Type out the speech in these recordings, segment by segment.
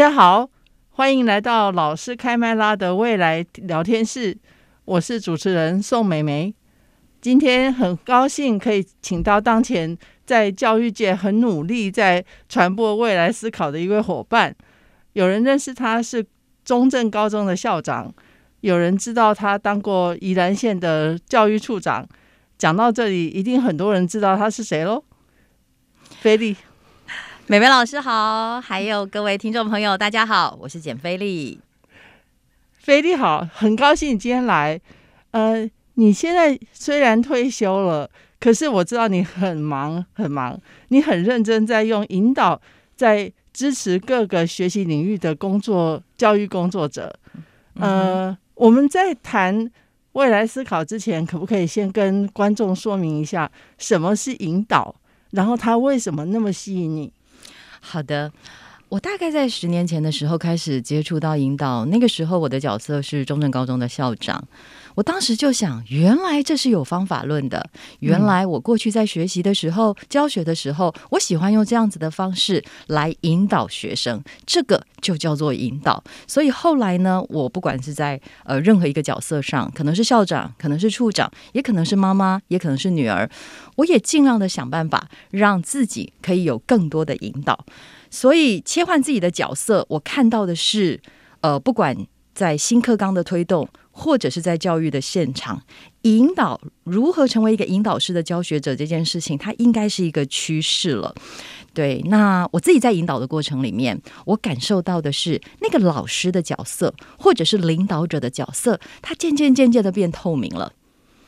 大家好，歡迎來到老師開麥拉的未來聊天室。我是主持人宋玫玫，今天很高興可以請到當前在教育界很努力在傳播未來思考的一位夥伴。有人認識他是中正高中的校長，有人知道他當過宜蘭縣的教育處長。講到這裡，一定很多人知道他是誰嘍，菲莉。玫玫老師好，還有各位聽眾朋友，大家好，我是簡菲莉。菲莉好，很高興你今天來。呃，你現在雖然退休了，可是我知道你很忙很忙，你很認真在用引導，在支持各個學習領域的工作教育工作者。呃，嗯哼。我們在談未來思考之前，可不可以先跟觀眾說明一下什麼是引導，然後它為什麼那麼吸引你？好的，我大概在十年前的時候開始接觸到引導，那個時候我的角色是中正高中的校長。我當時就想，原來這是有方法論的。原來我過去在學習的時候、嗯、教學的時候，我喜歡用這樣子的方式來引導學生，這個就叫做引導。所以後來呢，我不管是在呃任何一個角色上，可能是校長，可能是處長，也可能是媽媽，也可能是女兒，我也儘量的想辦法讓自己可以有更多的引導。所以切換自己的角色，我看到的是，呃，不管在新課綱的推動。或者是在教育的現場，引導如何成為一個引導師的教學者這件事情，它應該是一個趨勢了。對，那我自己在引導的過程裡面，我感受到的是，那個老師的角色或者是領導者的角色，它漸漸漸漸的變透明了。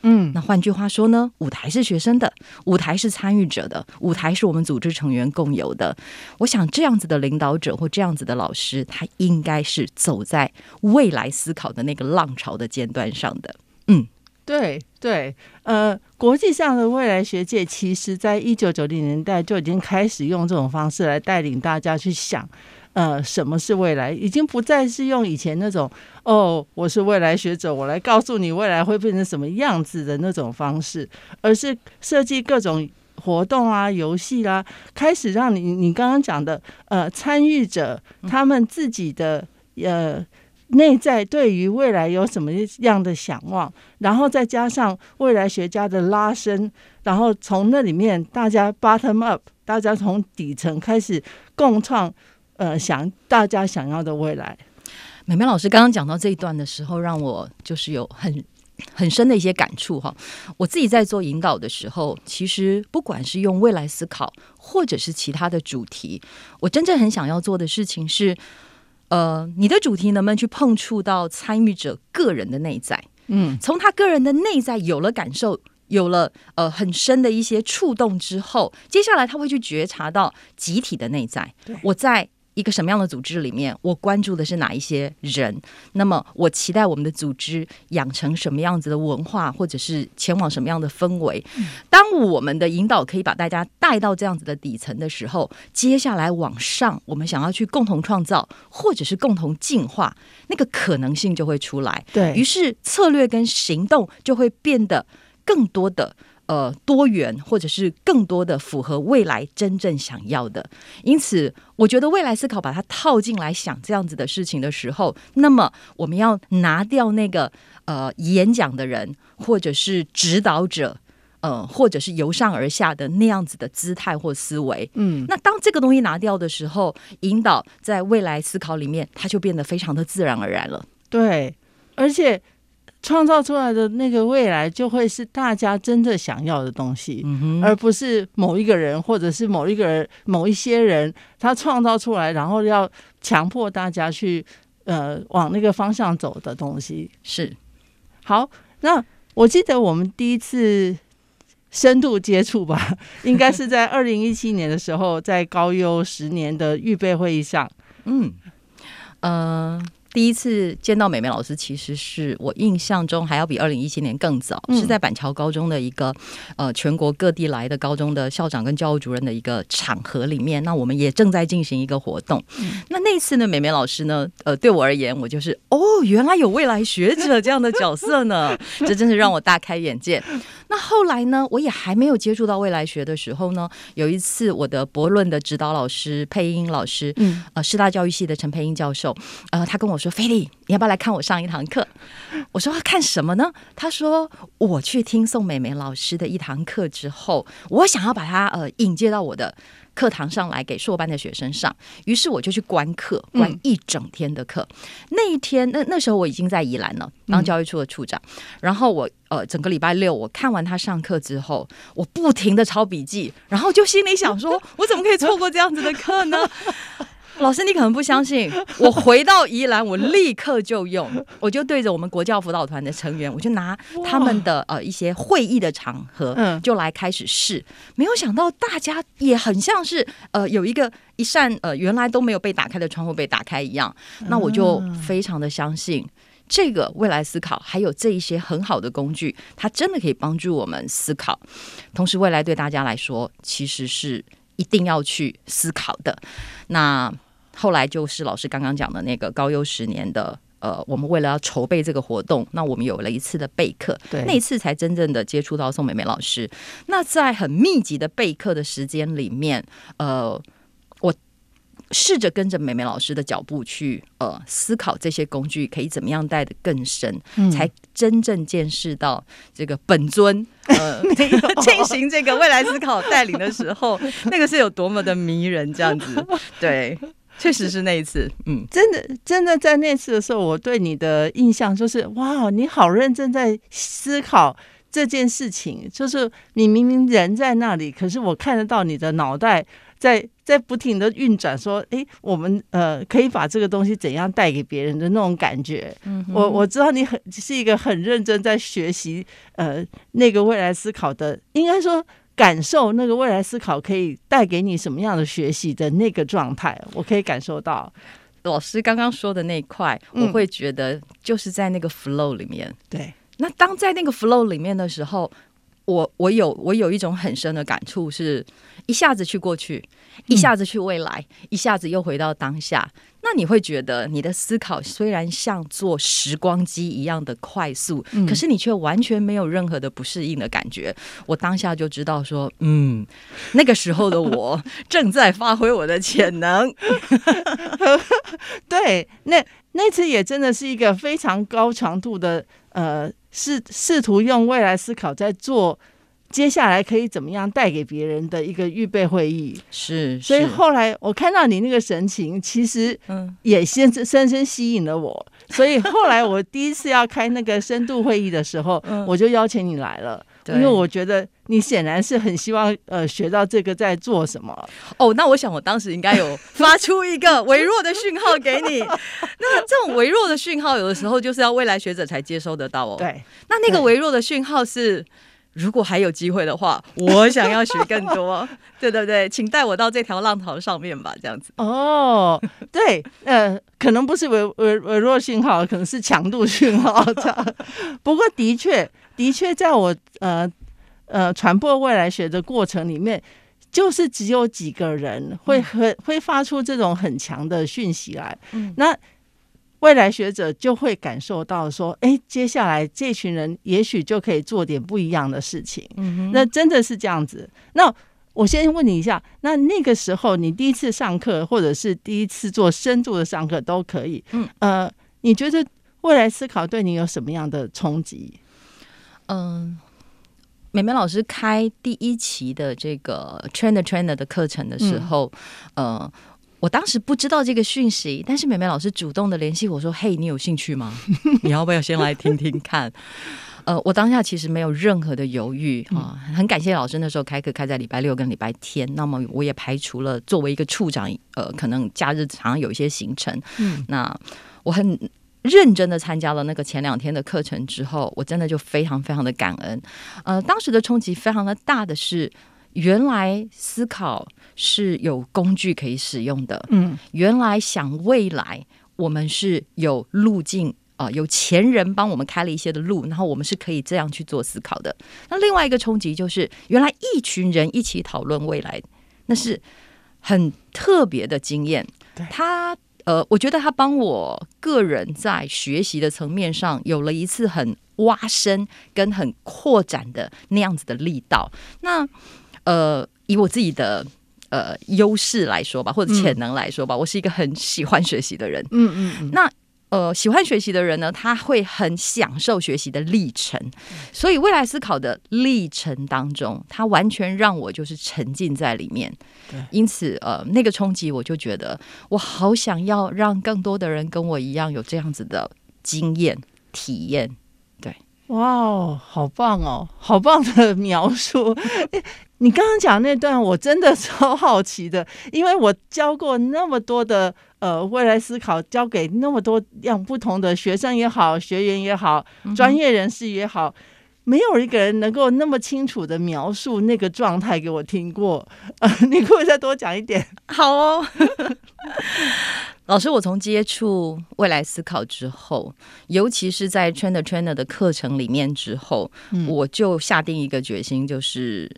嗯， 那換句話說呢？舞台是學生的，舞台是參與者的，舞台是我們組織成員共有的。我想這樣子的領導者或這樣子的老師，他應該是走在未來思考的那個浪潮的尖端上的。嗯，對對，呃，國際上的未來學界其實在一九九零年代就已經開始用這種方式來帶領大家去想。呃，什麼是未來？已經不再是用以前那種“哦，我是未來學者，我來告訴你未來會變成什麼樣子”的那種方式，而是設計各種活動啊、遊戲啦、啊，開始讓你你剛剛講的呃參與者他們自己的呃內在對於未來有什麼樣的想望，然後再加上未來學家的拉伸，然後從那裡面大家 bottom up，大家從底層開始共創。呃，想大家想要的未來，玫玫老師剛剛講到這一段的時候，讓我就是有很很深的一些感觸哈。我自己在做引導的時候，其實不管是用未來思考，或者是其他的主題，我真正很想要做的事情是，呃，你的主題能不能去碰觸到參與者個人的內在？嗯，從他個人的內在有了感受，有了呃很深的一些觸動之後，接下來他會去覺察到集體的內在。對我在。一個什麼樣的組織裡面，我關注的是哪一些人？那麼，我期待我們的組織養成什麼樣子的文化，或者是前往什麼樣的氛圍？當我們的引導可以把大家帶到這樣子的底層的時候，接下來往上，我們想要去共同創造，或者是共同進化，那個可能性就會出來。對。於是策略跟行動，就會變得更多的。呃，多元或者是更多的符合未來真正想要的，因此我覺得未來思考把它套進來想這樣子的事情的時候，那麼我們要拿掉那個呃演講的人或者是指導者，呃，或者是由上而下的那樣子的姿態或思維。嗯，那當這個東西拿掉的時候，引導在未來思考裡面，它就變得非常的自然而然了。對，而且。創造出來的那個未來，就會是大家真正想要的東西，嗯、哼而不是某一個人或者是某一個人、某一些人他創造出來，然後要強迫大家去呃往那個方向走的東西。是。好，那我記得我們第一次深度接觸吧，應該是在二零一七年的時候， 在高優十年的預備會議上。嗯，嗯、呃。第一次見到美美老師，其實是我印象中還要比二零一七年更早，嗯、是在板橋高中的一個呃全國各地來的高中的校長跟教務主任的一個場合裡面。那我們也正在進行一個活動。嗯、那那次呢，美美老師呢，呃，對我而言，我就是哦，原來有未來學者這樣的角色呢，這 真是讓我大開眼界。 那後來呢，我也還沒有接觸到未來學的時候呢，有一次我的博論的指導老師，佩英老師，嗯，呃，師大教育系的陳佩英教授，呃，他跟我說。說菲莉，你要不要來看我上一堂課？我說看什麼呢？他說我去聽宋玫玫老師的一堂課之後，我想要把她呃引介到我的課堂上來給碩班的學生上，於是我就去觀課，觀一整天的課。嗯、那一天，那那時候我已經在宜蘭了，當教育處的處長。嗯、然後我呃整個禮拜六我看完他上課之後，我不停的抄筆記，然後就心裡想說， 我怎麼可以錯過這樣子的課呢？ 老師，你可能不相信，我回到宜蘭，我立刻就用，我就對着我們國教輔導團的成員，我就拿他們的呃一些會議的場合，嗯，就來開始試。沒有想到大家也很像是呃有一個一扇呃原來都沒有被打開的窗戶被打開一樣，那我就非常的相信這個未來思考還有這一些很好的工具，它真的可以幫助我們思考。同時，未來對大家來說其實是。一定要去思考的。那後來就是老師剛剛講的那個高優十年的，呃，我們為了要籌備這個活動，那我們有了一次的備課，對那一次才真正的接觸到宋玫玫老師。那在很密集的備課的時間裡面，呃。試着跟着玫玫老師的腳步去呃思考這些工具可以怎麼樣帶得更深，嗯、才真正見識到這個本尊。嗯、呃， 進行這個未來思考帶領的時候， 那個是有多麼的迷人，這樣子。 對，確實是那一次。嗯，真的，真的在那次的時候，我對你的印象就是哇，你好認真在思考這件事情，就是你明明人在那裡，可是我看得到你的腦袋在。在不停地運轉，說，誒，我們呃，可以把這個東西怎樣帶給別人的那種感覺。嗯、哼我我知道你很是一個很認真在學習，呃，那個未來思考的，應該說感受那個未來思考可以帶給你什麼樣的學習的那個狀態，我可以感受到。老師剛剛說的那一塊，我會覺得就是在那個 flow 裡面。嗯、對，那當在那個 flow 裡面的時候。我我有我有一種很深的感觸，是一下子去過去，一下子去未來，嗯、一下子又回到當下。那你會覺得你的思考雖然像坐時光機一樣的快速，嗯、可是你卻完全沒有任何的不適應的感覺。我當下就知道說，嗯，那個時候的我正在發揮我的潛能。 對，那那次也真的是一個非常高強度的呃，試試圖用未來思考，在做接下來可以怎麼樣帶給別人的一個預備會議是，是所以後來我看到你那個神情，其實也先深深吸引了我。嗯、所以後來我第一次要開那個深度會議的時候，嗯、我就邀請你來了，對因為我覺得。你顯然是很希望呃學到這個在做什麼哦，那我想我當時應該有發出一個微弱的訊號給你。 那這種微弱的訊號有的時候就是要未來學者才接收得到哦。對，那那個微弱的訊號是，對如果還有機會的話，我想要學更多。 對對對，請帶我到這條浪潮上面吧，這樣子。哦，對，呃，可能不是微微微弱訊號，可能是強度訊號。 不過的確，的確在我呃。呃，傳播未來學的過程裡面，就是只有幾個人會很、嗯、會發出這種很強的訊息來。嗯，那未來學者就會感受到說，哎、欸，接下來這群人也許就可以做點不一樣的事情。嗯、哼那真的是這樣子。那我先問你一下，那那個時候你第一次上課，或者是第一次做深度的上課都可以。嗯，呃，你覺得未來思考對你有什麼樣的衝擊？嗯、呃。玫玫老師開第一期的這個 Trainer Trainer 的課程的時候，嗯、呃，我當時不知道這個訊息，但是玫玫老師主動的聯繫我說：“嘿，你有興趣嗎？ 你要不要先來聽聽看？” 呃，我當下其實沒有任何的猶豫啊、呃，很感謝老師那時候開課開在禮拜六跟禮拜天，那麼我也排除了作為一個處長，呃，可能假日常有一些行程，嗯，那我很。認真的參加了那個前兩天的課程之後，我真的就非常非常的感恩。呃，當時的衝擊非常的大的是，原來思考是有工具可以使用的，嗯，原來想未來我們是有路徑啊，有前人幫我們開了一些的路，然後我們是可以這樣去做思考的。那另外一個衝擊就是，原來一群人一起討論未來，那是很特別的經驗。他。呃，我覺得他幫我個人在學習的層面上有了一次很挖深跟很擴展的那樣子的力道。那呃，以我自己的呃優勢來說吧，或者潛能來說吧，嗯、我是一個很喜歡學習的人。嗯嗯，嗯嗯那。呃，喜歡學習的人呢，他會很享受學習的歷程，嗯、所以未來思考的歷程當中，他完全讓我就是沉浸在裡面。對因此呃，那個衝擊我就覺得，我好想要讓更多的人跟我一樣有這樣子的經驗體驗。對，哇哦，好棒哦，好棒的描述！ 誒，你剛剛講那段我真的超好奇的，因為我教過那麼多的。呃，未來思考交給那麼多樣不同的學生也好，學員也好，嗯、哼專業人士也好，沒有一個人能夠那麼清楚的描述那個狀態給我聽過，呃。你可不可以再多講一點？好哦， 老師，我從接觸未來思考之後，尤其是在 Train the Trainer 的課程裡面之後，嗯、我就下定一個決心，就是。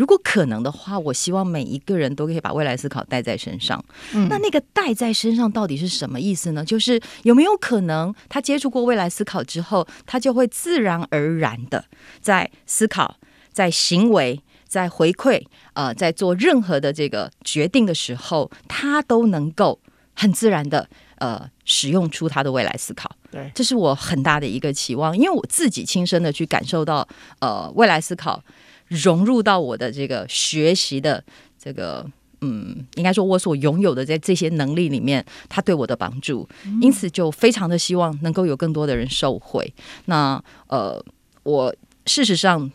如果可能的話，我希望每一個人都可以把未來思考帶在身上。嗯、那那個帶在身上到底是什麼意思呢？就是有沒有可能他接觸過未來思考之後，他就會自然而然的在思考、在行為、在回饋，呃，在做任何的這個決定的時候，他都能夠很自然的呃使用出他的未來思考。對，這是我很大的一個期望，因為我自己親身的去感受到，呃，未來思考。融入到我的這個學習的這個，嗯，應該說我所擁有的在這些能力裡面，他對我的幫助，嗯、因此，就非常的希望能夠有更多的人受惠。那呃，我事實上。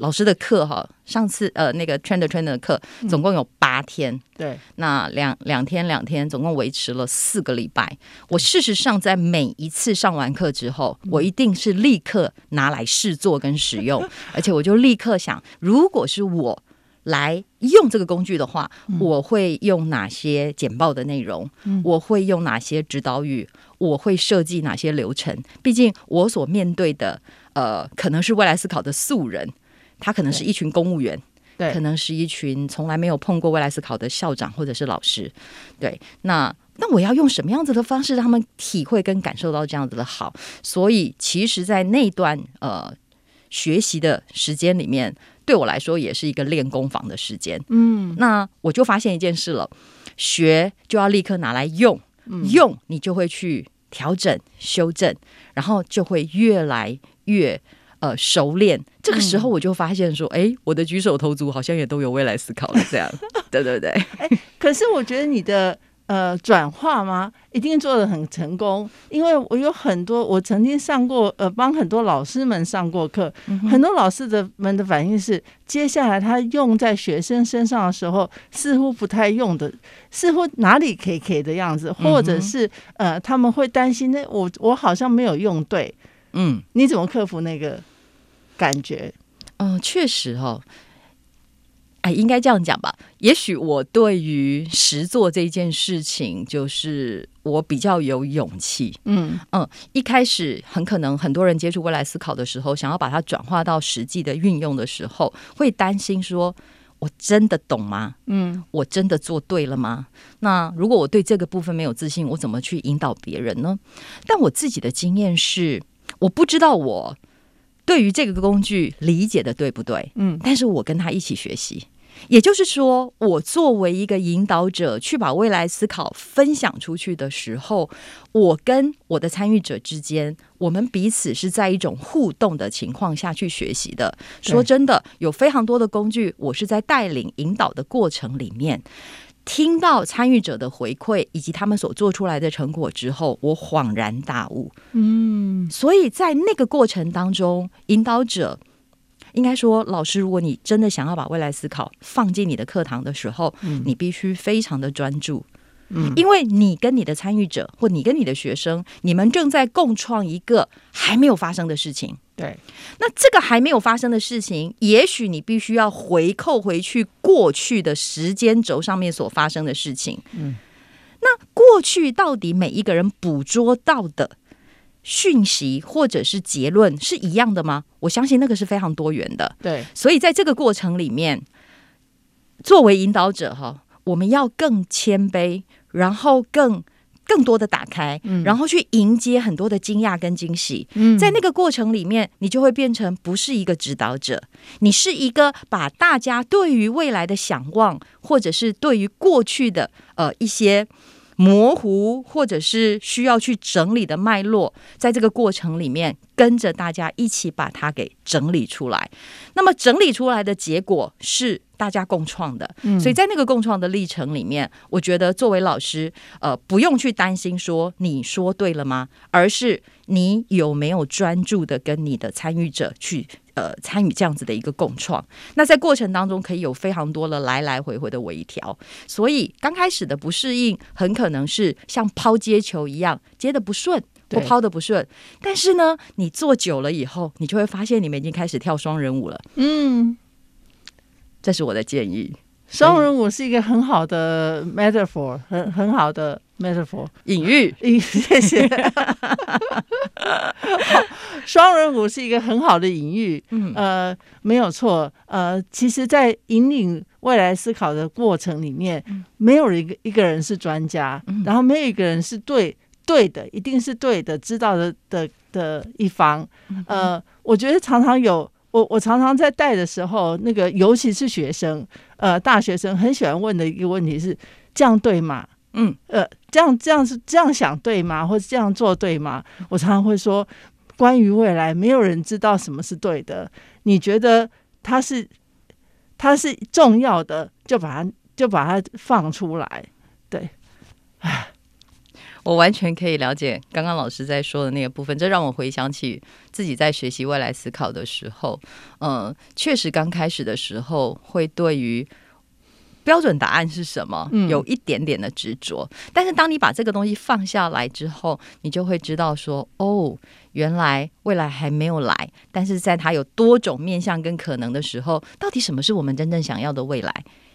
老師的課哈，上次呃那個 train the trainer 的課，總共有八天，嗯。對，那兩兩天兩天，總共維持了四個禮拜。我事實上在每一次上完課之後，嗯、我一定是立刻拿來試做跟使用，嗯、而且我就立刻想，如果是我來用這個工具的話，嗯、我會用哪些簡報的內容？嗯、我會用哪些指導語？我會設計哪些流程？畢竟我所面對的呃，可能是未來思考的素人。他可能是一群公務員，對、對，可能是一群從來沒有碰過未來思考的校長或者是老師，對，那那我要用什麼樣子的方式讓他們體會跟感受到這樣子的好？所以，其實，在那段呃學習的時間裡面，對我來說也是一個練功房的時間。嗯，那我就發現一件事了，學就要立刻拿來用，用你就會去調整修正，然後就會越來越。呃，熟練，這個時候我就發現說，哎、嗯，我的舉手投足好像也都有未來思考了，這樣， 對不對對、欸。可是我覺得你的呃轉化嗎，一定做得很成功，因為我有很多我曾經上過呃幫很多老師們上過課，嗯、哼很多老師的們的反應是，接下來他用在學生身上的時候，似乎不太用的，似乎哪裡可以可以的樣子，或者是、嗯、哼呃他們會擔心，那我我好像沒有用對，嗯，你怎麼克服那個？感覺，嗯，確實哈、哦，哎，應該這樣講吧。也許我對於實做這一件事情，就是我比較有勇氣。嗯嗯，一開始很可能很多人接觸未來思考的時候，想要把它轉化到實際的運用的時候，會擔心說：“我真的懂嗎？”嗯，“我真的做對了嗎？”那如果我對這個部分沒有自信，我怎麼去引導別人呢？但我自己的經驗是，我不知道我，對於這個工具理解的對不對？嗯，但是我跟他一起學習，也就是說，我作為一個引導者，去把未來思考分享出去的時候，我跟我的參與者之間，我們彼此是在一種互動的情況下去學習的。對說真的，有非常多的工具，我是在帶領引導的過程裡面。聽到參與者的回饋以及他們所做出來的成果之後，我恍然大悟。嗯，所以在那個過程當中，引導者應該說，老師，如果你真的想要把未來思考放進你的課堂的時候，你必須非常的專注。嗯，因為你跟你的參與者或你跟你的學生，你們正在共創一個還沒有發生的事情。對，那這個還沒有發生的事情，也許你必須要回扣回去過去的時間軸上面所發生的事情。嗯，那過去到底每一個人捕捉到的訊息或者是結論是一樣的嗎？我相信那個是非常多元的。對，所以在這個過程裡面，作為引導者哈，我們要更謙卑，然後更。更多的打開，然後去迎接很多的驚訝跟驚喜。在那個過程裡面，你就會變成不是一個指導者，你是一個把大家對於未來的想望，或者是對於過去的呃一些。模糊或者是需要去整理的脈絡，在這個過程裡面跟着大家一起把它給整理出來。那麼整理出來的結果是大家共創的，嗯、所以在那個共創的歷程裡面，我覺得作為老師，呃，不用去擔心說你說對了嗎？而是你有沒有專注的跟你的參與者去。呃，參與這樣子的一個共創，那在過程當中可以有非常多的來來回回的微調，所以剛開始的不適應，很可能是像拋接球一樣接得不順或拋得不順，不順對但是呢，你做久了以後，你就會發現你們已經開始跳雙人舞了。嗯，這是我的建議。嗯、雙人舞是一個很好的 metaphor，很很好的 metaphor，隱喻。謝謝。雙 人舞是一個很好的隱喻，嗯、哼呃，沒有錯，呃，其實，在引領未來思考的過程裡面，嗯、哼沒有一個一個人是專家，嗯、哼然後沒有一個人是對對的，一定是對的，知道的的的一方，呃，我覺得常常有我我常常在帶的時候，那個尤其是學生，呃，大學生很喜歡問的一個問題是這樣對嗎？嗯，呃。這樣這樣是這樣想對嗎？或是這樣做對嗎？我常常會說，關於未來，沒有人知道什麼是對的。你覺得它是它是重要的，就把它就把它放出來。對，哎，我完全可以了解剛剛老師在說的那個部分，這讓我回想起自己在學習未來思考的時候，嗯，確實剛開始的時候會對於。標準答案是什麼？有一點點的執着嗯、但是當你把這個東西放下來之後，你就會知道說，哦，原來未來還沒有來，但是在它有多種面向跟可能的時候，到底什麼是我們真正想要的未來？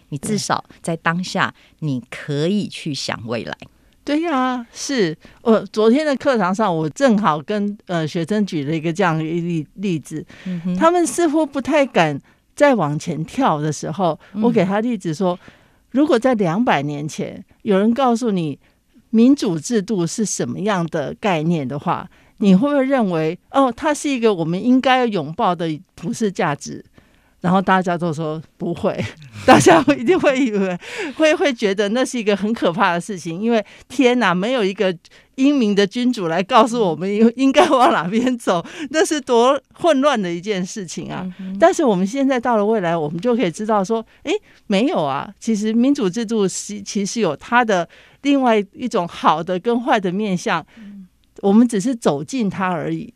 你至少在當下，你可以去想未來。對呀、啊，是呃，我昨天的課堂上，我正好跟呃學生舉了一個這樣一例例子，嗯、哼他們似乎不太敢再往前跳的時候，我給他例子說：如果在兩百年前有人告訴你民主制度是什麼樣的概念的話，你會不會認為哦，它是一個我們應該要擁抱的普世價值？然後大家都說不會，大家一定會以為會會覺得那是一個很可怕的事情，因為天哪，沒有一個英明的君主來告訴我們應應該往哪邊走，那是多混亂的一件事情啊！但是我們現在到了未來，我們就可以知道說，哎，沒有啊，其實民主制度其其實有它的另外一種好的跟壞的面向，我們只是走進它而已。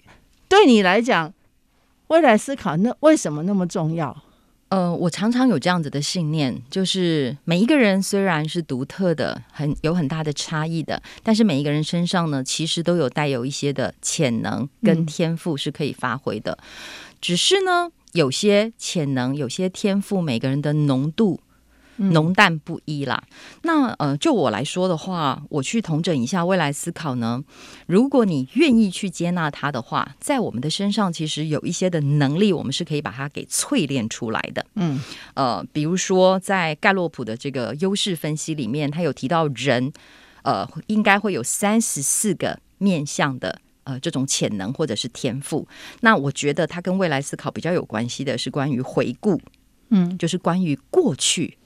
對你來講。未來思考那為什麼那麼重要？呃，我常常有這樣子的信念，就是每一個人雖然是獨特的，很有很大的差異的，但是每一個人身上呢，其實都有帶有一些的潛能跟天賦是可以發揮的。嗯。只是呢，有些潛能，有些天賦，每個人的濃度。濃淡不一啦。那，呃，就我來說的話，我去統整一下未來思考呢。如果你願意去接納它的話，在我們的身上其實有一些的能力，我們是可以把它給淬煉出來的。嗯，呃，比如說在蓋洛普的這個優勢分析裡面，他有提到人，呃，應該會有三十四個面向的，呃，這種潛能或者是天賦。那我覺得它跟未來思考比較有關係的是關於回顧，嗯，就是關於過去。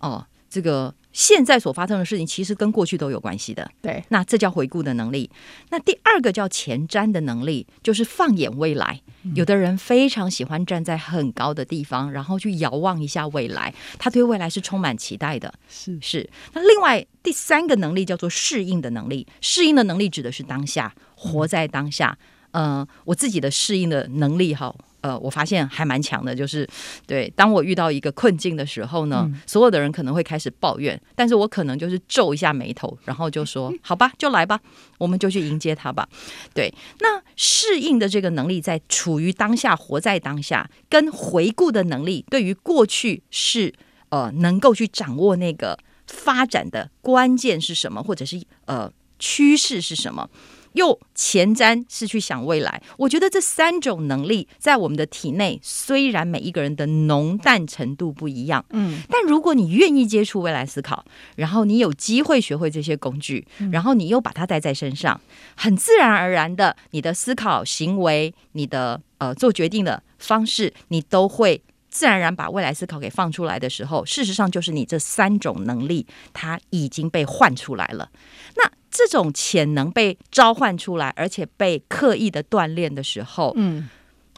哦，這個現在所發生的事情其實跟過去都有關係的。對，那這叫回顧的能力。那第二個叫前瞻的能力，就是放眼未來。嗯、有的人非常喜歡站在很高的地方，然後去遙望一下未來，他對未來是充滿期待的。是是。那另外第三個能力叫做適應的能力，適應的能力指的是當下，活在當下。嗯、呃，我自己的適應的能力哈。呃，我發現還蠻強的，就是對，當我遇到一個困境的時候呢，嗯，所有的人可能會開始抱怨，但是我可能就是皺一下眉頭，然後就說：“好吧，就來吧，我們就去迎接他吧。”對，那適應的這個能力，在處於當下、活在當下，跟回顧的能力，對於過去是呃，能夠去掌握那個發展的關鍵是什麼，或者是呃趨勢是什麼。又前瞻是去想未來，我覺得這三種能力在我們的體內，雖然每一個人的濃淡程度不一樣，嗯，但如果你願意接觸未來思考，然後你有機會學會這些工具，然後你又把它帶在身上，很自然而然的，你的思考行為，你的呃做決定的方式，你都會。自然而然把未來思考給放出來的時候，事實上就是你這三種能力它已經被喚出來了。那這種潛能被召喚出來，而且被刻意的鍛鍊的時候，嗯，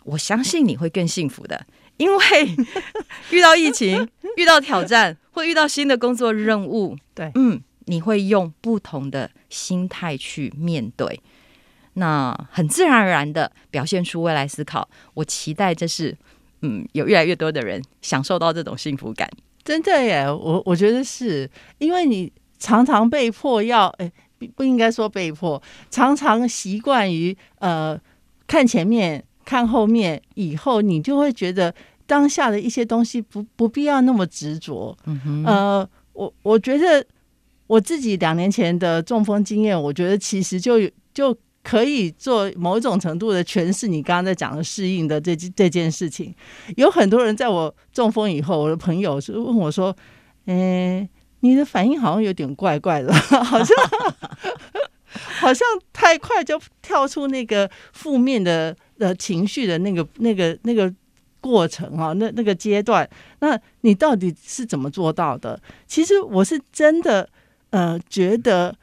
我相信你會更幸福的。因為 遇到疫情、遇到挑戰，或遇到新的工作任務，對，嗯，你會用不同的心態去面對。那很自然而然的表現出未來思考，我期待這是。嗯，有越來越多的人享受到這種幸福感，真的耶！我我覺得是，因為你常常被迫要，哎，不應該說被迫，常常習慣於呃看前面、看後面，以後你就會覺得當下的一些東西不不必要那麼執着。嗯哼，呃，我我覺得我自己兩年前的中風經驗，我覺得其實就就。可以做某種程度的詮釋，你剛剛在講的適應的這這件事情，有很多人在我中風以後，我的朋友是問我說：“嗯、欸，你的反應好像有點怪怪的，好像 好像太快就跳出那個負面的呃情緒的那個那個那個過程哈、啊，那那個階段，那你到底是怎麼做到的？”其實我是真的呃覺得。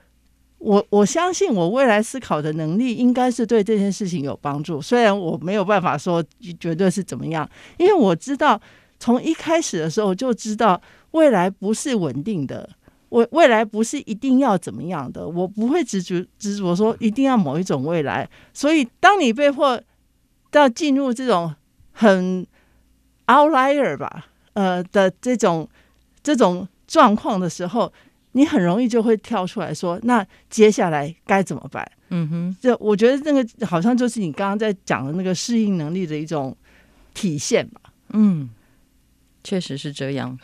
我我相信我未來思考的能力應該是對這件事情有幫助，雖然我沒有辦法說絕對是怎麼樣，因為我知道從一開始的時候就知道未來不是穩定的，我未來不是一定要怎麼樣的，我不會執着執着說一定要某一種未來，所以當你被迫到進入這種很 outlier 吧，呃的這種這種狀況的時候。你很容易就會跳出來說：“那接下來該怎麼辦？”嗯哼，就我覺得那個好像就是你剛剛在講的那個適應能力的一種體現吧。嗯，確實是這樣。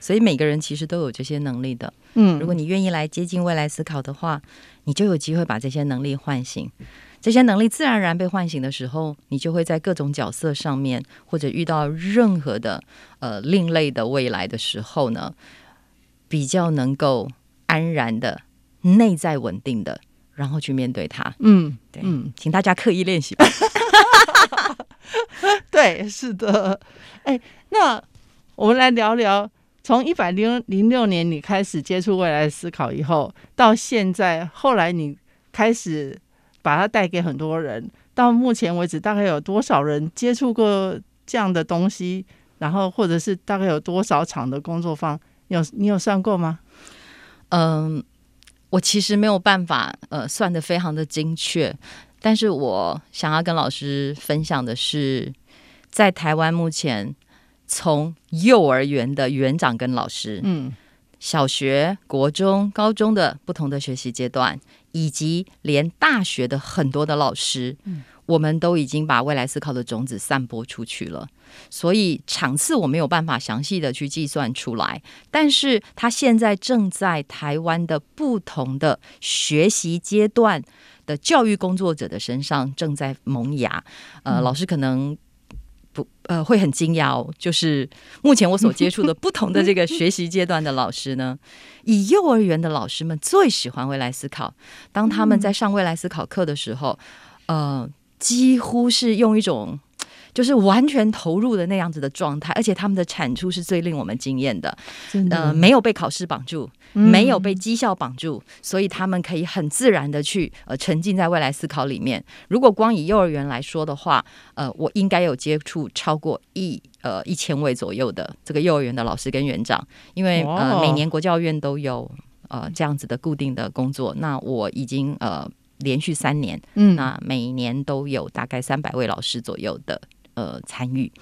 所以每個人其實都有這些能力的。嗯，如果你願意來接近未來思考的話，你就有機會把這些能力喚醒。這些能力自然而然被喚醒的時候，你就會在各種角色上面，或者遇到任何的呃另類的未來的時候呢。比較能夠安然的、內在穩定的，然後去面對它。嗯，對，嗯，請大家刻意練習吧。 對，是的，哎、欸，那我們來聊聊，從一百零零六年你開始接觸未來思考以後，到現在，後來你開始把它帶給很多人，到目前為止，大概有多少人接觸過這樣的東西？然後，或者是大概有多少場的工作坊。你有你有算過嗎？嗯、呃，我其實沒有辦法呃算的非常的精確，但是我想要跟老師分享的是，在台灣目前從幼兒園的園長跟老師，嗯，小學、國中、高中的不同的學習階段，以及連大學的很多的老師，嗯，我們都已經把未來思考的種子散播出去了。所以場次我沒有辦法詳細的去計算出來，但是他現在正在台灣的不同的學習階段的教育工作者的身上正在萌芽。呃，老師可能不呃會很驚訝哦，就是目前我所接觸的不同的這個學習階段的老師呢， 以幼兒園的老師們最喜歡未來思考。當他們在上未來思考課的時候，呃，幾乎是用一種。就是完全投入的那樣子的狀態，而且他們的產出是最令我們驚豔的，真的呃，沒有被考試綁住，嗯、沒有被績效綁住，所以他們可以很自然的去呃沉浸在未來思考裡面。如果光以幼兒園來說的話，呃，我應該有接觸超過一呃一千位左右的這個幼兒園的老師跟園長，因為哇呃每年國教院都有呃這樣子的固定的工作，那我已經呃連續三年，嗯、那每年都有大概三百位老師左右的。呃，參與。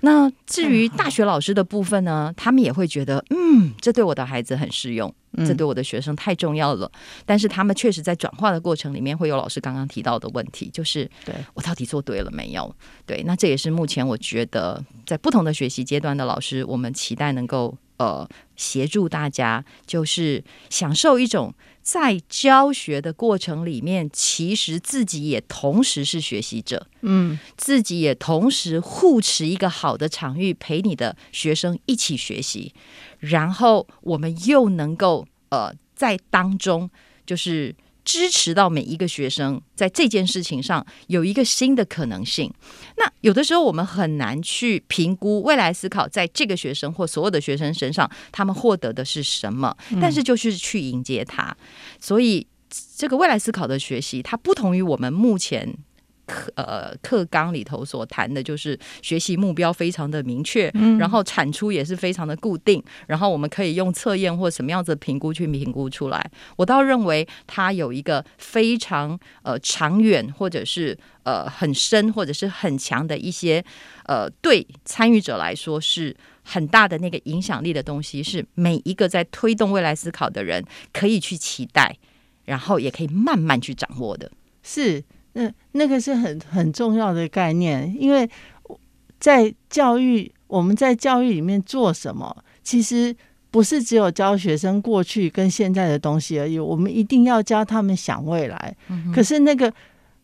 那至於大學老師的部分呢，他們也會覺得，嗯，這對我的孩子很適用，這對我的學生太重要了。嗯。但是他們確實在轉化的過程裡面，會有老師剛剛提到的問題，就是對我到底做對了沒有？對，那這也是目前我覺得在不同的學習階段的老師，我們期待能夠。呃，協助大家就是享受一種在教學的過程裡面，其實自己也同時是學習者，嗯，自己也同時護持一個好的場域，陪你的學生一起學習，然後我們又能夠呃，在當中就是。支持到每一個學生在這件事情上有一個新的可能性。那有的時候我們很難去評估未來思考在這個學生或所有的學生身上，他們獲得的是什麼，嗯，但是就是去迎接他。所以這個未來思考的學習，它不同於我們目前。課呃課綱裡頭所談的就是學習目標非常的明確，嗯，然後產出也是非常的固定，然後我們可以用測驗或什麼樣子的評估去評估出來。我倒認為它有一個非常呃長遠或者是呃很深或者是很強的一些呃對參與者來說是很大的那個影響力的東西，是每一個在推動未來思考的人可以去期待，然後也可以慢慢去掌握的，是。那那個是很很重要的概念，因為在教育，我們在教育裡面做什麼，其實不是只有教學生過去跟現在的東西而已，我們一定要教他們想未來。嗯哼。可是那個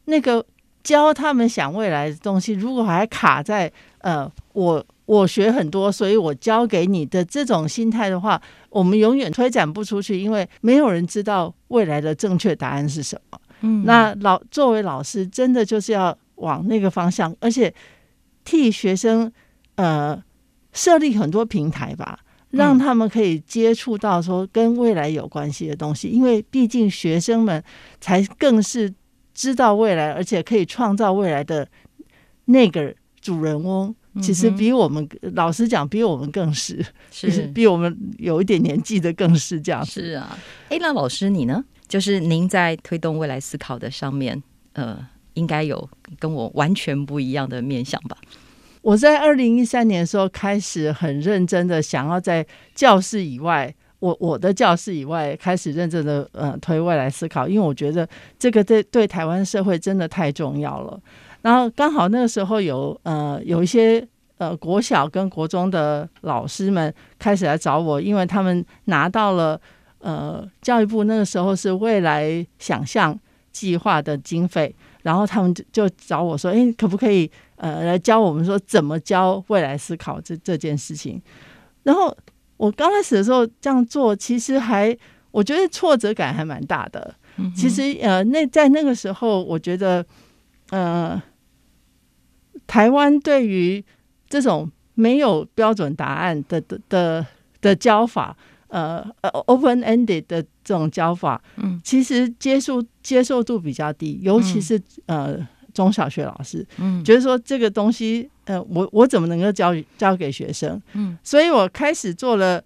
那個教他們想未來的東西，如果還卡在呃我我學很多，所以我教給你的這種心態的話，我們永遠推展不出去，因為沒有人知道未來的正確答案是什麼。嗯、那老作為老師，真的就是要往那個方向，而且替學生呃設立很多平台吧，讓他們可以接觸到說跟未來有關係的東西。因為畢竟學生們才更是知道未來，而且可以創造未來的那個主人翁，嗯哼，其實比我們老實講，比我們更是是，是比我們有一點年紀的更是這樣。是啊，哎、欸，那老師你呢？就是您在推動未來思考的上面，呃，應該有跟我完全不一樣的面向吧？我在二零一三年的時候開始很認真的想要在教室以外，我我的教室以外開始認真的呃推未來思考，因為我覺得這個對對台灣社會真的太重要了。然後剛好那個時候有呃有一些呃國小跟國中的老師們開始來找我，因為他們拿到了。呃，教育部那個時候是未來想象計劃的經費，然後他們就就找我說：“誒，可不可以呃來教我們說怎麼教未來思考這這件事情？”然後我剛開始的時候這樣做，其實還我覺得挫折感還蠻大的。嗯哼。其實呃，那在那個時候，我覺得呃，台灣對於這種沒有標準答案的的的的教法。呃呃、uh，open ended 的這種教法，嗯，其實接受接受度比較低，尤其是、嗯、呃中小學老師，嗯，覺得說這個東西，呃，我我怎麼能夠教教給學生？嗯，所以我開始做了，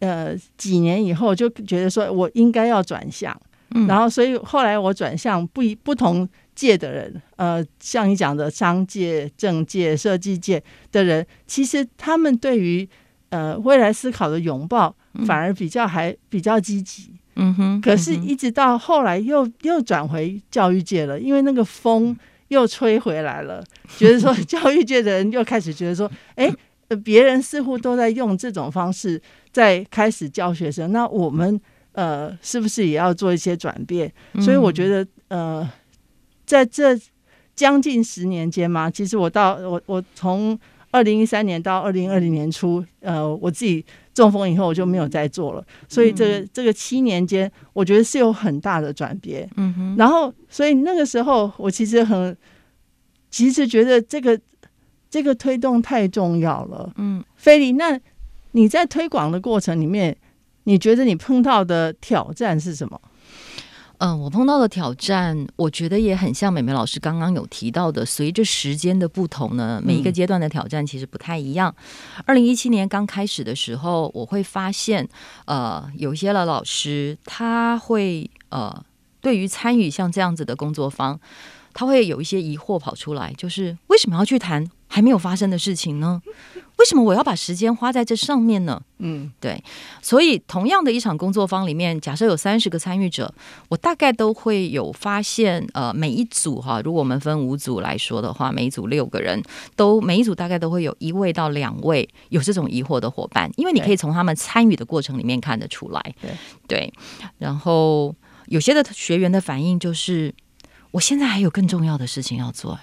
呃，幾年以後就覺得說我應該要轉向，嗯，然後所以後來我轉向不一不同界的人，呃，像你講的商界、政界、設計界的人，其實他們對於呃未來思考的擁抱。反而比較還比較積極、嗯哼，嗯哼。可是，一直到後來又又轉回教育界了，因為那個風又吹回來了，覺得說教育界的人又開始覺得說，誒、 欸，呃、別人似乎都在用這種方式在開始教學生，那我們呃是不是也要做一些轉變？所以我覺得呃，在這將近十年間嘛，其實我到我我從二零一三年到二零二零年初，呃，我自己。中風以後，我就沒有再做了，所以這個這個七年間，我覺得是有很大的轉變。嗯哼，然後所以那個時候我其實很，其實覺得這個這個推動太重要了。嗯，菲莉，那你在推廣的過程裡面，你覺得你碰到的挑戰是什麼？嗯、呃，我碰到的挑戰，我覺得也很像玫玫老師剛剛有提到的。隨着時間的不同呢，每一個階段的挑戰其實不太一樣。二零一七年剛開始的時候，我會發現，呃，有一些的老，老師他會呃，對於參與像這樣子的工作坊，他會有一些疑惑跑出來，就是為什麼要去談還沒有發生的事情呢？為什麼我要把時間花在這上面呢？嗯，對，所以同樣的一場工作坊裡面，假設有三十個參與者，我大概都會有發現，呃，每一組哈，如果我們分五組來說的話，每一組六個人，都每一組大概都會有一位到兩位有這種疑惑的夥伴，因為你可以從他們參與的過程裡面看得出來。對，對，然後有些的學員的反應就是，我現在還有更重要的事情要做，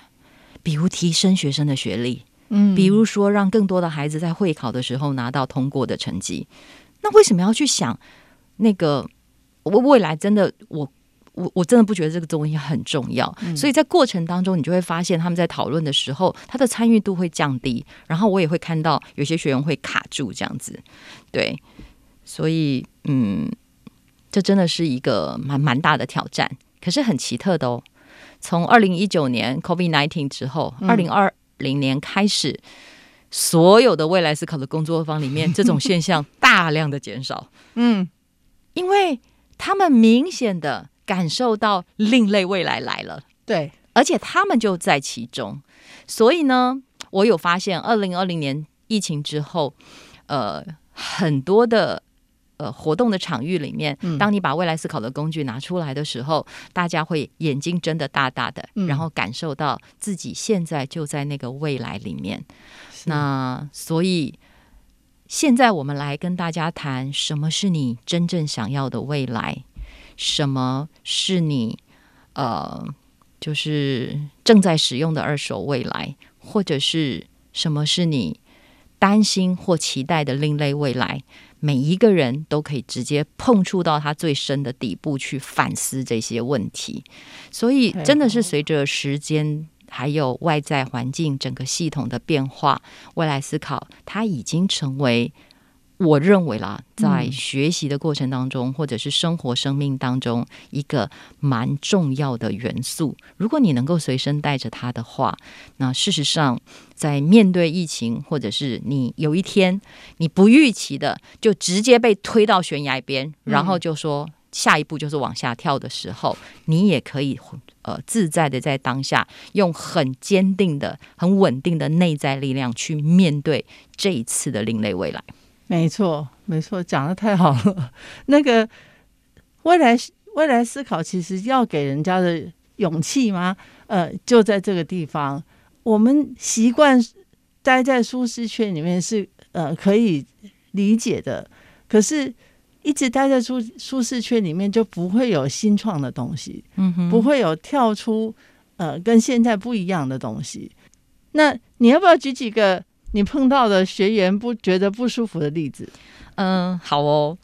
比如提升學生的學歷。嗯，比如說讓更多的孩子在會考的時候拿到通過的成績，那為什麼要去想那個？我未來真的，我我我真的不覺得這個東西很重要。嗯，所以在過程當中，你就會發現他們在討論的時候，他的參與度會降低，然後我也會看到有些學員會卡住這樣子。對，所以嗯，這真的是一個蠻蠻大的挑戰。可是很奇特的哦，從二零一九年 COVID-19 之後，二零二零年開始，所有的未來思考的工作坊裡面，這種現象大量的減少。 嗯，因為他們明顯的感受到另類未來來了，對，而且他們就在其中。所以呢，我有發現，二零二零年疫情之後，呃，很多的。呃，活動的場域裡面，當你把未來思考的工具拿出來的時候，嗯、大家會眼睛睜得大大的，嗯、然後感受到自己現在就在那個未來裡面。是那所以，現在我們來跟大家談，什麼是你真正想要的未來？什麼是你呃，就是正在使用的二手未來，或者是什麼是你？擔心或期待的另類未來，每一個人都可以直接碰觸到它最深的底部去反思這些問題。所以，真的是隨着時間還有外在環境整個系統的變化，未來思考它已經成為。我認為啦，在學習的過程當中，或者是生活、生命當中，一個蠻重要的元素。如果你能夠隨身帶着它的話，那事實上，在面對疫情，或者是你有一天你不預期的，就直接被推到懸崖邊，然後就說下一步就是往下跳的時候，你也可以呃自在的在當下，用很堅定的、很穩定的內在力量去面對這一次的另類未來。沒錯，沒錯，講得太好了。 那個未來未來思考，其實要給人家的勇氣嗎？呃，就在這個地方，我們習慣待在舒適圈裡面是呃可以理解的，可是，一直待在舒舒適圈裡面就不會有新創的東西，嗯、哼不會有跳出呃跟現在不一樣的東西。那你要不要舉幾個？你碰到的學員不覺得不舒服的例子，嗯，好哦。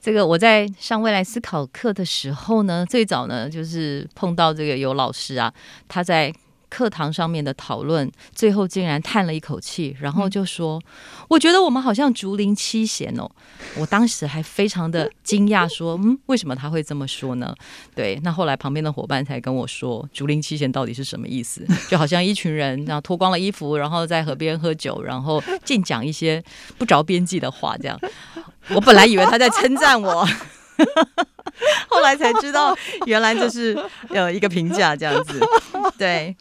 這個我在上未來思考課的時候呢，最早呢就是碰到這個有老師啊，他在課堂上面的討論，最後竟然嘆了一口氣，然後就說：“嗯、我覺得我們好像竹林七賢哦。”我當時還非常的驚訝，說：“嗯，為什麼他會這麼說呢？”對，那後來旁邊的夥伴才跟我說，“竹林七賢到底是什麼意思？”就好像一群人，然後脫光了衣服，然後在河邊喝酒，然後淨講一些不着邊際的話，這樣。我本來以為他在稱讚我。 後來才知道，原來就是有一個評價這樣子。對，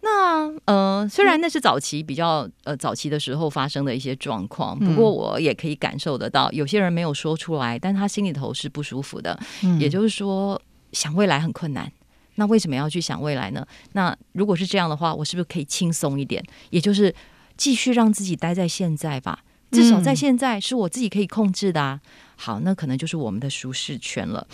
那呃，雖然那是早期比較呃早期的時候發生的一些狀況，不過我也可以感受得到，有些人沒有說出來，但他心裡頭是不舒服的。也就是說，想未來很困難。那為什麼要去想未來呢？那如果是這樣的話，我是不是可以輕鬆一點？也就是繼續讓自己待在現在吧，至少在現在是我自己可以控制的啊。好，那可能就是我們的舒適圈了。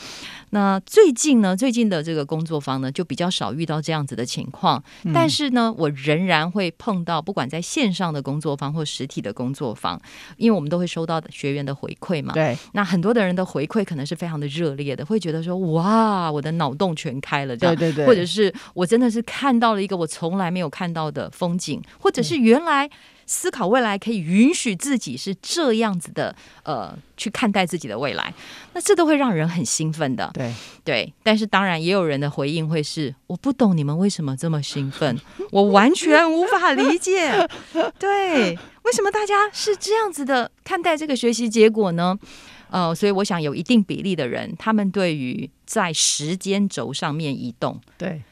那最近呢，最近的這個工作坊呢，就比較少遇到這樣子的情況。嗯。但是呢，我仍然會碰到，不管在線上的工作坊或實體的工作坊，因為我們都會收到學員的回饋嘛。對。那很多的人的回饋可能是非常的熱烈的，會覺得說：“哇，我的腦洞全開了這樣！”對對對，或者是我真的是看到了一個我從來沒有看到的風景，或者是原來。思考未來可以允許自己是這樣子的，呃，去看待自己的未來，那這都會讓人很興奮的。對對，但是當然也有人的回應會是：我不懂你們為什麼這麼興奮，我完全無法理解。 對，為什麼大家是這樣子的看待這個學習結果呢？呃，所以我想有一定比例的人，他們對於在時間軸上面移動，對，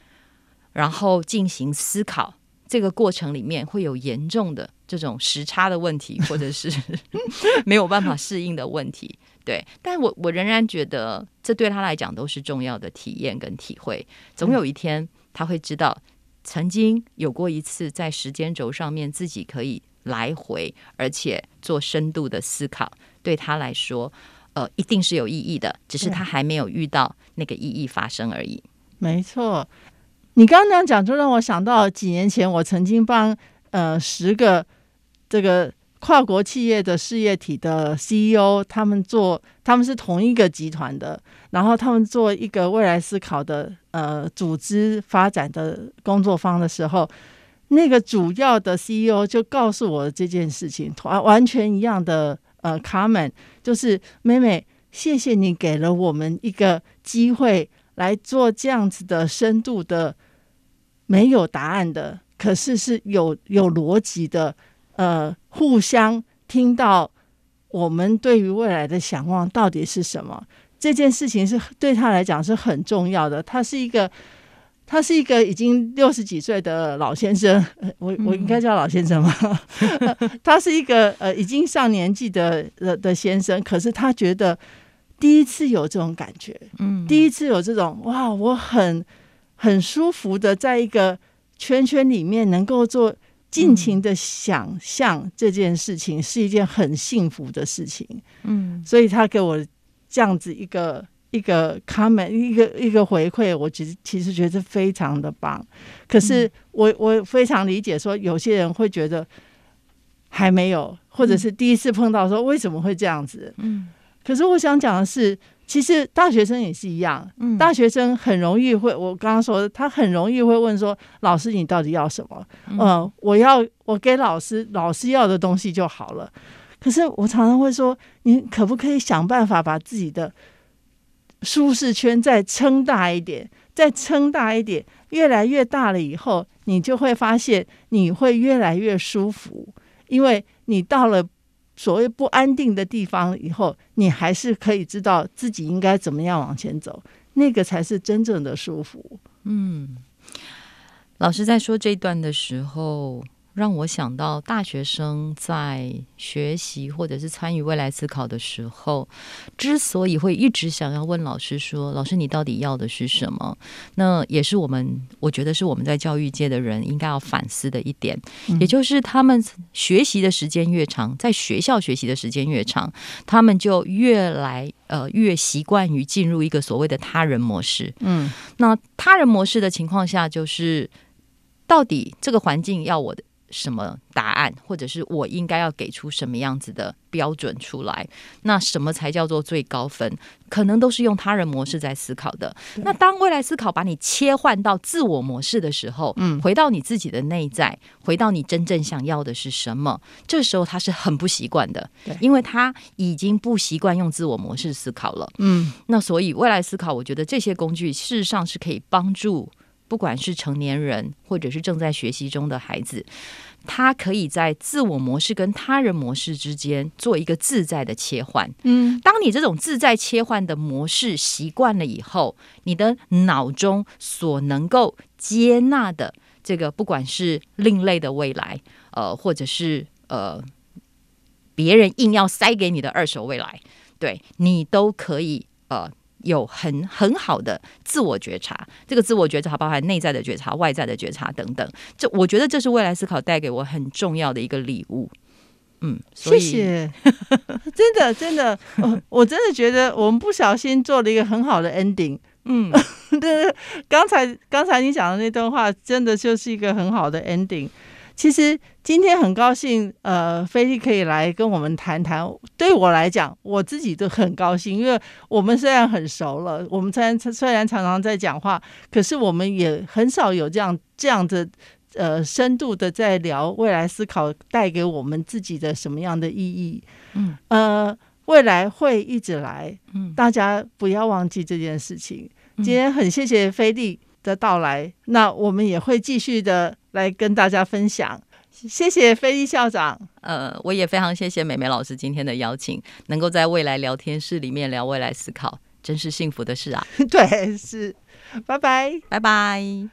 然後進行思考。這個過程裡面會有嚴重的這種時差的問題，或者是沒有辦法適應的問題，對。但我我仍然覺得這對他來講都是重要的體驗跟體會。總有一天他會知道，曾經有過一次在時間軸上面自己可以來回，而且做深度的思考，對他來說，呃，一定是有意義的。只是他還沒有遇到那個意義發生而已。沒錯。你剛剛那樣講，就讓我想到幾年前我曾經幫呃十個這個跨國企業的事業體的 CEO，他們做他們是同一個集團的，然後他們做一個未來思考的呃組織發展的工作坊的時候，那個主要的 CEO 就告訴我這件事情，完完全一樣的呃卡滿，Comment, 就是玫玫，謝謝你給了我們一個機會。來做這樣子的深度的沒有答案的，可是是有有邏輯的，呃，互相聽到我們對於未來的想望到底是什麼？這件事情是對他來講是很重要的。他是一個，他是一個已經六十幾歲的老先生，呃、我我應該叫老先生嗎？嗯 呃、他是一個呃已經上年紀的、呃、的先生，可是他覺得。第一次有這種感覺，嗯，第一次有這種哇，我很很舒服的在一個圈圈裡面，能夠做盡情的想象這件事情、嗯、是一件很幸福的事情，嗯，所以他給我這樣子一個一個 comment 一個一個回饋，我其實其實覺得非常的棒。可是我我非常理解，說有些人會覺得還沒有，或者是第一次碰到，說為什麼會這樣子，嗯。嗯可是我想講的是，其實大學生也是一樣。嗯，大學生很容易會，我剛剛說的他很容易會問說：“老師，你到底要什麼？”嗯、呃，我要我給老師老師要的東西就好了。可是我常常會說，你可不可以想辦法把自己的舒適圈再撐大一點，再撐大一點，越來越大了以後，你就會發現你會越來越舒服，因為你到了。所謂不安定的地方，以後你還是可以知道自己應該怎麼樣往前走，那個才是真正的舒服。嗯，老師在說這段的時候，讓我想到，大學生在學習或者是參與未來思考的時候，之所以會一直想要問老師說：“老師，你到底要的是什麼？”那也是我們，我覺得是我們在教育界的人應該要反思的一點，嗯，也就是他們學習的時間越長，在學校學習的時間越長，他們就越來呃越習慣於進入一個所謂的他人模式。嗯，那他人模式的情況下，就是到底這個環境要我的。什麼答案，或者是我應該要給出什麼樣子的標準出來？那什麼才叫做最高分？可能都是用他人模式在思考的。對那當未來思考把你切換到自我模式的時候，嗯，回到你自己的內在，回到你真正想要的是什麼？這時候他是很不習慣的，對因為他已經不習慣用自我模式思考了。嗯，那所以未來思考，我覺得這些工具事實上是可以幫助。不管是成年人，或者是正在學習中的孩子，他可以在自我模式跟他人模式之間做一個自在的切換。嗯，當你這種自在切換的模式習慣了以後，你的腦中所能夠接納的這個，不管是另類的未來，呃，或者是呃，別人硬要塞給你的二手未來，對，你都可以，呃。有很很好的自我覺察，這個自我覺察包含內在的覺察、外在的覺察等等。這我覺得這是未來思考帶給我很重要的一個禮物。嗯，謝謝，呵呵真的真的 我，我真的覺得我們不小心做了一個很好的 ending。嗯，對， 剛才剛才你講的那段話，真的就是一個很好的 ending。其實今天很高興，呃，菲莉可以來跟我們談談。對我來講，我自己都很高興，因為我們雖然很熟了，我們雖然雖然常常在講話，可是我們也很少有這樣這樣的，呃，深度的在聊未來思考帶給我們自己的什麼樣的意義。嗯，呃，未來會一直來，大家不要忘記這件事情。嗯。今天很謝謝菲莉。的到來，那我們也會繼續的來跟大家分享。謝謝菲莉校長，呃，我也非常謝謝玫玫老師今天的邀請，能夠在未來聊天室裡面聊未來思考，真是幸福的事啊！ 對，是，拜拜，拜拜。